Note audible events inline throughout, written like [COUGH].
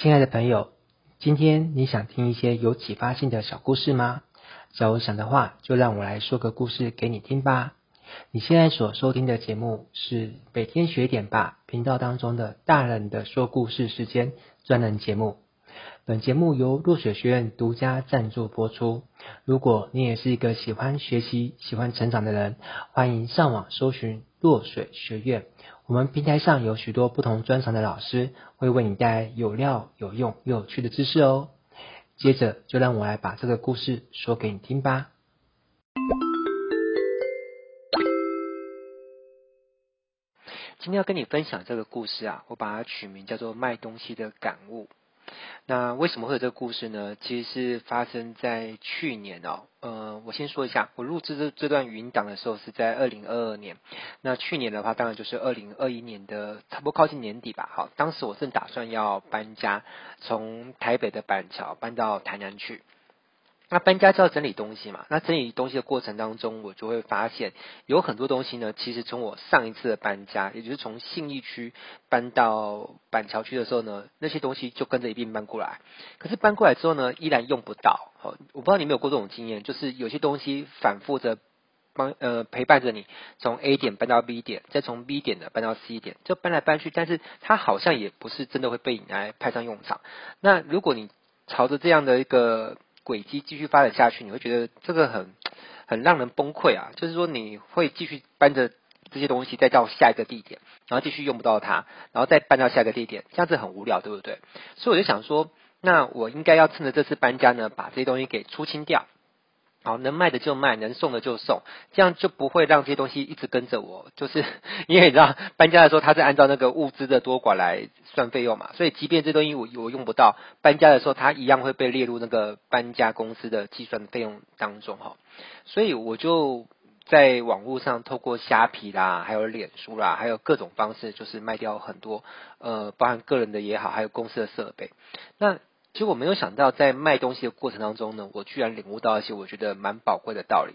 親愛的朋友，今天你想聽一些有啟發性的小故事嗎？假如想的話，就讓我來說個故事給你聽吧。你現在所收聽的節目是《每天學點吧》頻道當中的“大人的說故事時間”專欄節目。本節目由落雪學院獨家贊助播出。如果你也是一個喜歡學習、喜歡成長的人，歡迎上網搜尋。落水學院，我們平台上有許多不同專長的老師，會為你帶來有料、有用又有趣的知識哦。接着，就讓我來把這個故事說給你聽吧。今天要跟你分享這個故事啊，我把它取名叫做《賣東西的感悟》。那為什麼會有這個故事呢？其實是發生在去年哦、喔，呃，我先說一下，我錄制這這段語音檔的時候是在二零二二年。那去年的話，當然就是二零二一年的，差不多靠近年底吧。好，當時我正打算要搬家，從台北的板橋搬到台南去。那搬家就要整理東西嘛，那整理東西的過程當中，我就會發現有很多東西呢，其實從我上一次的搬家，也就是從信義區搬到板橋區的時候呢，那些東西就跟着一併搬過來。可是搬過來之後呢，依然用不到。哦，我不知道你有沒有過這種經驗，就是有些東西反覆的幫呃陪伴着你從 A 點搬到 B 點，再從 B 點的搬到 C 點，就搬來搬去，但是它好像也不是真的會被你來派上用場。那如果你朝着這樣的一個軌跡繼續發展下去，你會覺得這個很很讓人崩潰啊！就是說，你會繼續搬着這些東西再到下一個地點，然後繼續用不到它，然後再搬到下一個地點，這樣子很無聊，對不對？所以我就想說，那我應該要趁着這次搬家呢，把這些東西給出清掉。好、哦，能賣的就賣，能送的就送，這樣就不會讓這些東西一直跟着我。就是因為你知道，搬家的時候它是按照那個物資的多寡來算費用嘛，所以即便這東西我我用不到，搬家的時候它一樣會被列入那個搬家公司的計算費用當中哈。所以我就在網路上透過蝦皮啦，還有臉書啦，還有各種方式，就是賣掉很多呃，包含個人的也好，還有公司的設備。那其實我沒有想到，在賣東西的過程當中呢，我居然領悟到一些我覺得蠻寶貴的道理。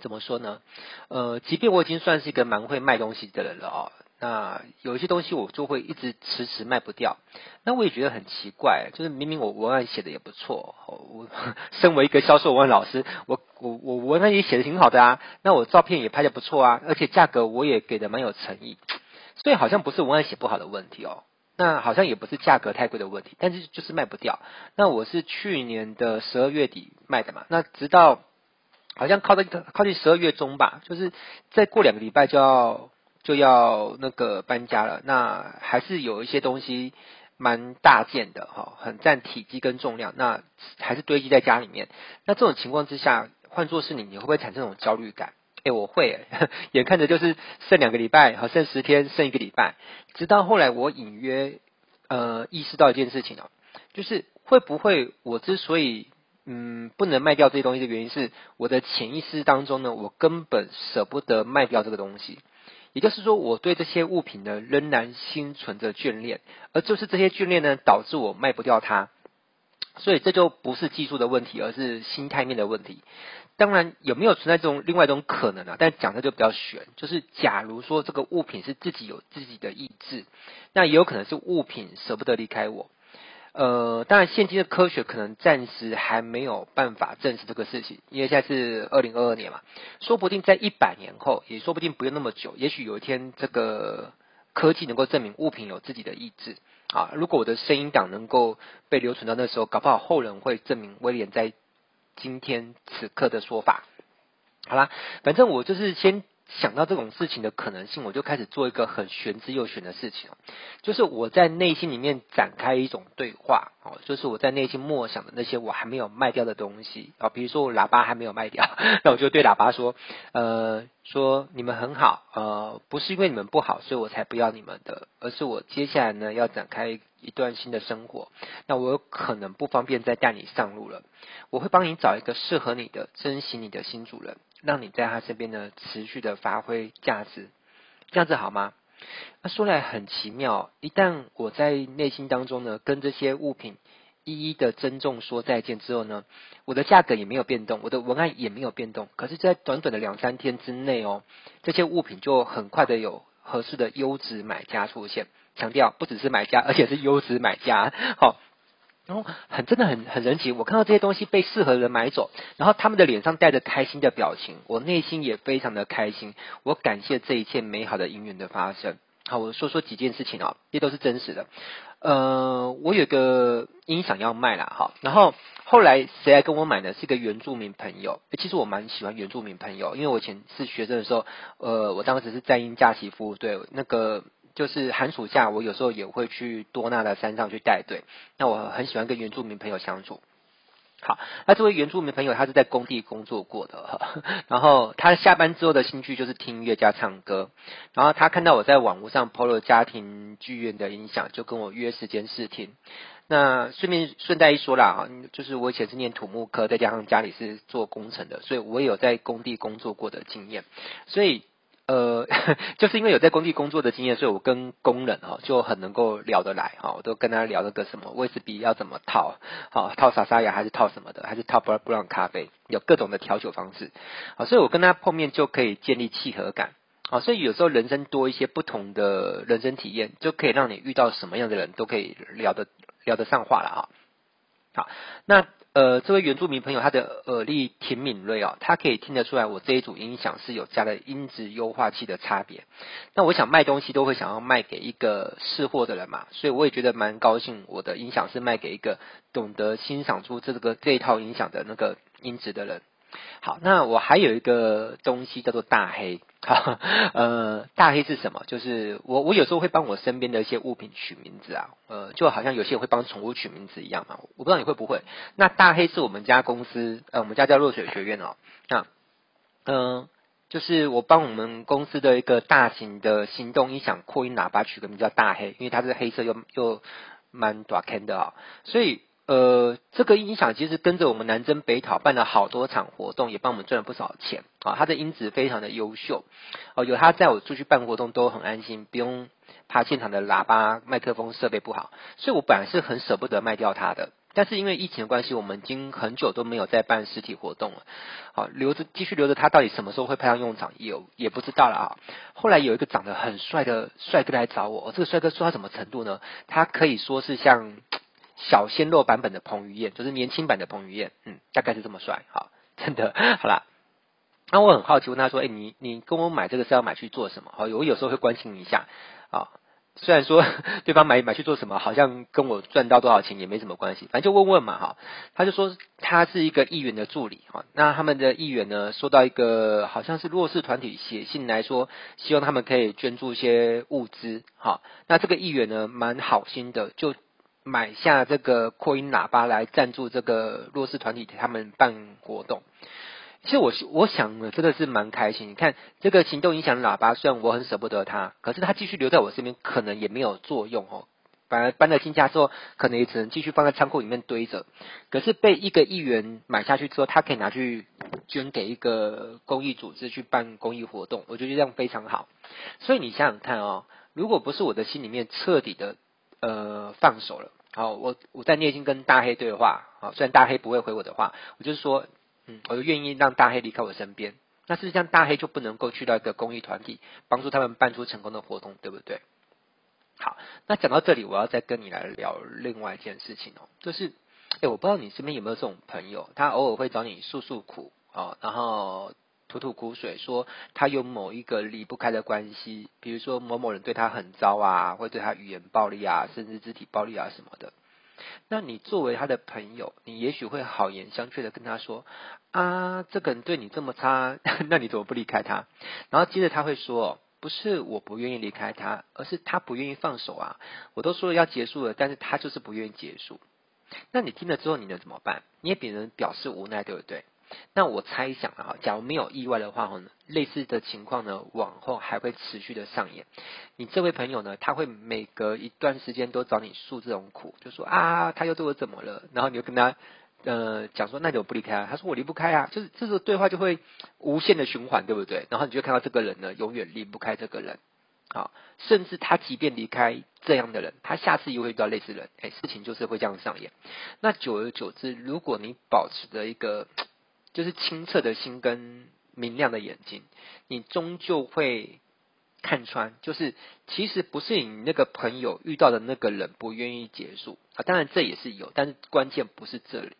怎麼說呢？呃，即便我已經算是一個蠻會賣東西的人了哦，那有一些東西我就會一直遲遲賣不掉。那我也覺得很奇怪，就是明明我文案寫的也不錯，我身為一個銷售文案老師，我我我文案也寫的挺好的啊，那我照片也拍的不錯啊，而且價格我也給的蠻有誠意，所以好像不是文案寫不好的問題哦。那好像也不是價格太貴的問題，但是就是賣不掉。那我是去年的十二月底賣的嘛，那直到好像靠在靠近十二月中吧，就是再過兩個禮拜就要就要那個搬家了。那還是有一些東西蠻大件的哈，很佔體積跟重量，那還是堆積在家裡面。那這種情況之下，換作是你，你會不會產生這種焦慮感？我會，眼看着就是剩兩個禮拜，好，剩十天，剩一個禮拜。直到後來，我隱約呃意識到一件事情哦，就是會不會我之所以嗯不能賣掉這些東西的原因，是我的潛意識當中呢，我根本捨不得賣掉這個東西。也就是說，我對這些物品呢仍然心存着眷戀，而就是這些眷戀呢，導致我賣不掉它。所以這就不是技術的問題，而是心態面的問題。當然，有沒有存在這種另外一種可能啊？但講的就比較玄，就是假如說這個物品是自己有自己的意志，那也有可能是物品捨不得離開我。呃，當然，現今的科學可能暫時還沒有辦法證實這個事情，因為現在是二零二二年嘛，說不定在一百年後，也說不定不用那麼久，也許有一天這個科技能夠證明物品有自己的意志。啊！如果我的聲音檔能夠被留存到那時候，搞不好後人會證明威廉在今天此刻的說法。好啦，反正我就是先。想到這種事情的可能性，我就開始做一個很玄之又玄的事情，就是我在內心裡面展開一種對話，哦，就是我在內心默想的那些我還沒有賣掉的東西啊，比如說我喇叭還沒有賣掉，那我就對喇叭說，呃，說你們很好，呃，不是因為你們不好，所以我才不要你們的，而是我接下來呢，要展開。一段新的生活，那我有可能不方便再帶你上路了。我會幫你找一個適合你的、珍惜你的新主人，讓你在他身邊呢持續的發揮價值，這樣子好嗎？那、啊、說來很奇妙，一旦我在內心當中呢跟這些物品一一的珍重說再見之後呢，我的價格也沒有變動，我的文案也沒有變動，可是，在短短的兩三天之內哦，這些物品就很快的有合適的優質買家出現。強調不只是買家，而且是優質買家。好，然後很真的很很神奇，我看到這些東西被適合的人買走，然後他們的臉上帶着開心的表情，我內心也非常的開心。我感謝這一切美好的因緣的發生。好，我說說幾件事情啊，也都是真實的。呃，我有個音響要賣了，哈，然後後來誰來跟我買呢？是一個原住民朋友。其實我蠻喜歡原住民朋友，因為我以前是學生的時候，呃，我當時是在英假期服務隊那個。就是寒暑假，我有時候也會去多納的山上去帶隊。那我很喜歡跟原住民朋友相處。好，那這位原住民朋友他是在工地工作過的，呵呵，然後他下班之後的興趣就是聽音樂加唱歌。然後他看到我在網絡上拋了家庭劇院的音響，就跟我約時間試聽。那順便順帶一說啦，啊，就是我以前是念土木科，再加上家裡是做工程的，所以我也有在工地工作過的經驗，所以。呃，就是因為有在工地工作的經驗，所以我跟工人哈、哦、就很能夠聊得來哈、哦。我都跟他聊了個什麼威士忌要怎麼套，好套薩沙呀，Sasaya, 還是套什麼的，還是套布朗布朗咖啡，有各種的調酒方式。好、哦，所以我跟他碰面就可以建立契合感。好、哦，所以有時候人生多一些不同的人生體驗，就可以讓你遇到什麼樣的人都可以聊得聊得上話了。好、哦，那。呃，這位原住民朋友他的耳力挺敏銳哦，他可以聽得出來我這一組音響是有加了音質優化器的差別。那我想賣東西都會想要賣給一個識貨的人嘛，所以我也覺得蠻高興，我的音響是賣給一個懂得欣賞出這個這一套音響的那個音質的人。好，那我還有一個東西叫做大黑，呵呵、呃，大黑是什麼？就是我我有時候會幫我身邊的一些物品取名字啊，呃，就好像有些人會幫寵物取名字一樣嘛，我不知道你會不會。那大黑是我們家公司，呃，我們家叫落水學院哦、喔。那、啊，嗯、呃，就是我幫我們公司的一個大型的行動音響擴音喇叭取個名叫大黑，因為它是黑色，又又蠻大的啊、喔，所以。呃，這個音響其實跟着我們南征北討辦了好多場活動，也幫我們賺了不少錢啊！它、哦、的音質非常的優秀哦，有他在我出去辦活動都很安心，不用怕現場的喇叭、麥克風設備不好。所以我本來是很捨不得賣掉它的，但是因為疫情的關係，我們已經很久都沒有再辦實體活動了，好、哦、留着繼續留着它，到底什麼時候會派上用場，也也不知道了啊、哦！後來有一個長得很帥的帥哥來找我，哦、這個帥哥帥到什麼程度呢？他可以說是像。小鮮肉版本的彭於晏，就是年輕版的彭於晏，嗯，大概是這麼帥，好，真的，好啦。那我很好奇問他說：“哎、欸，你你跟我買這個是要買去做什麼？”好、哦，我有時候會關心一下啊、哦。雖然說對方買買去做什麼，好像跟我賺到多少錢也沒什麼關係，反正就問問嘛，哈、哦。他就說他是一個議員的助理，哈、哦。那他們的議員呢，收到一個好像是弱勢團體寫信來說，希望他們可以捐助一些物資，哈、哦。那這個議員呢，蠻好心的，就。買下這個擴音喇叭來贊助這個弱勢團體給他們辦活動。其實我我想的真的是蠻開心。你看這個行動影響喇叭，雖然我很舍不得它，可是它繼續留在我身邊，可能也沒有作用哦。反而搬到新家之後，可能也只能繼續放在倉庫裡面堆着。可是被一個議員買下去之後，他可以拿去捐給一個公益組織去辦公益活動，我覺得這樣非常好。所以你想想看哦，如果不是我的心裡面徹底的呃放手了。好，我我在內心跟大黑對話，好，雖然大黑不會回我的話，我就是說，嗯，我就願意讓大黑離開我身邊，那事實上，這樣？大黑就不能夠去到一個公益團體，幫助他們辦出成功的活動，對不對？好，那講到這裡，我要再跟你來聊另外一件事情哦，就是、欸，我不知道你身邊有沒有這種朋友，他偶爾會找你訴訴苦，哦，然後。吐吐苦水，說他有某一個離不開的關係，比如說某某人對他很糟啊，會對他語言暴力啊，甚至肢體暴力啊什麼的。那你作為他的朋友，你也許會好言相勸的跟他說：“啊，這個人對你這麼差，那你怎麼不離開他？”然後接着他會說：“不是我不願意離開他，而是他不願意放手啊！我都說了要結束了，但是他就是不願意結束。”那你聽了之後，你能怎麼辦？你也只能表示無奈，對不對？那我猜想啊，假如沒有意外的話，類似的情況呢，往後還會持續的上演。你這位朋友呢，他會每隔一段時間都找你訴這種苦，就說啊，他又對我怎麼了？然後你就跟他呃講說，那就不離開他啊。他說我離不開啊，就是這個對話就會無限的循環，對不對？然後你就會看到這個人呢，永遠離不開這個人啊，甚至他即便離開這樣的人，他下次又會遇到類似人，誒、欸，事情，就是會這樣上演。那久而久之，如果你保持着一個就是清澈的心跟明亮的眼睛，你終究會看穿。就是其實不是你那個朋友遇到的那個人不願意結束啊，當然這也是有，但是關鍵不是這裡，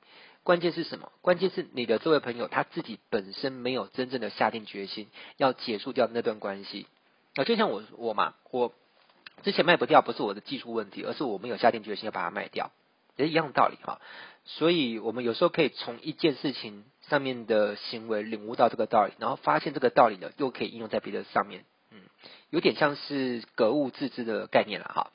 關鍵是什麼？關鍵是你的這位朋友他自己本身沒有真正的下定決心要結束掉那段關係啊。就像我我嘛，我之前賣不掉，不是我的技術問題，而是我沒有下定決心要把它賣掉。也是一樣道理哈，所以我們有時候可以從一件事情上面的行為領悟到這個道理，然後發現這個道理呢，又可以應用在別的上面，嗯，有點像是格物致知的概念了哈。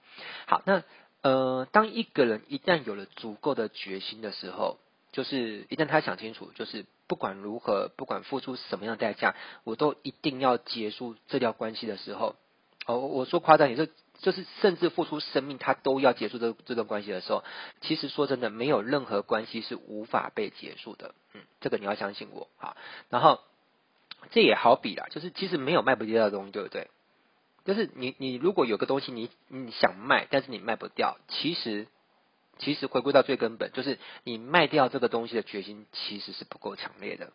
好，那呃，當一個人一旦有了足夠的決心的時候，就是一旦他想清楚，就是不管如何，不管付出什麼樣的代價，我都一定要結束這條關係的時候，哦，我說誇張也是。就是甚至付出生命，他都要結束這這段關係的時候，其實說真的，沒有任何關係是無法被結束的。嗯，這個你要相信我啊。然後這也好比啦，就是其實沒有賣不掉的東西，對不對？就是你你如果有個東西你你想賣，但是你賣不掉，其實其實回歸到最根本，就是你賣掉這個東西的決心其實是不夠強烈的。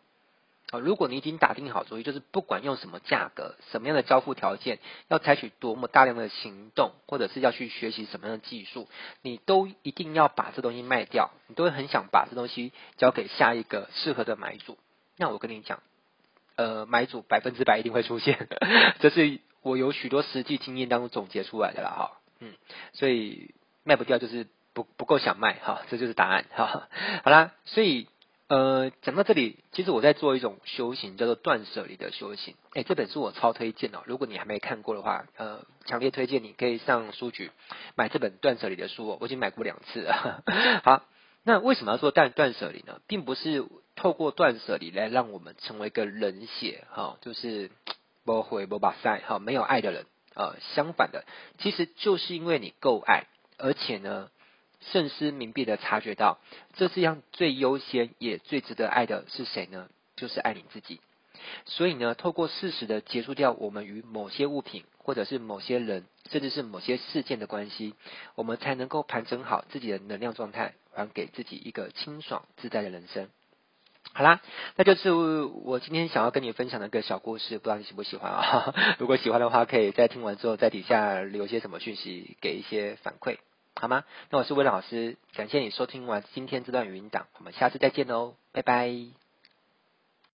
啊，如果你已經打定好主意，就是不管用什麼價格、什麼樣的交付條件，要採取多麼大量的行動，或者是要去學習什麼樣的技術，你都一定要把這東西賣掉，你都會很想把這東西交給下一個適合的買主。那我跟你講，呃，買主百分之百一定會出現，這是我有許多實際經驗當中總結出來的啦，哈，嗯，所以賣不掉就是不不夠想賣，哈，這就是答案，哈，好啦，所以。呃，講到這裡，其實我在做一種修行，叫做斷舍離的修行。哎，這本書我超推薦哦，如果你還沒看過的話，呃，強烈推薦你可以上書局買這本斷舍離的書哦。哦我已經買過兩次了。了 [LAUGHS] 好，那為什麼要做斷斷舍離呢？並不是透過斷舍離來讓我們成為一個人血哈、哦，就是不回不把賽哈沒有愛的人，呃，相反的，其實就是因為你夠愛，而且呢。慎思明辨的察覺到，這世上最優先也最值得愛的是誰呢？就是愛你自己。所以呢，透過適時的結束掉我們與某些物品，或者是某些人，甚至是某些事件的關係，我們才能夠盤整好自己的能量狀態，然後給自己一個清爽自在的人生。好啦，那就是我今天想要跟你分享的一個小故事，不知道你喜不喜歡啊？呵呵，如果喜歡的話，可以在聽完之後在底下留些什麼訊息，給一些反饋。好嗎？那我是威老師，感謝你收聽完今天這段語音檔，我們下次再見嘍。拜拜。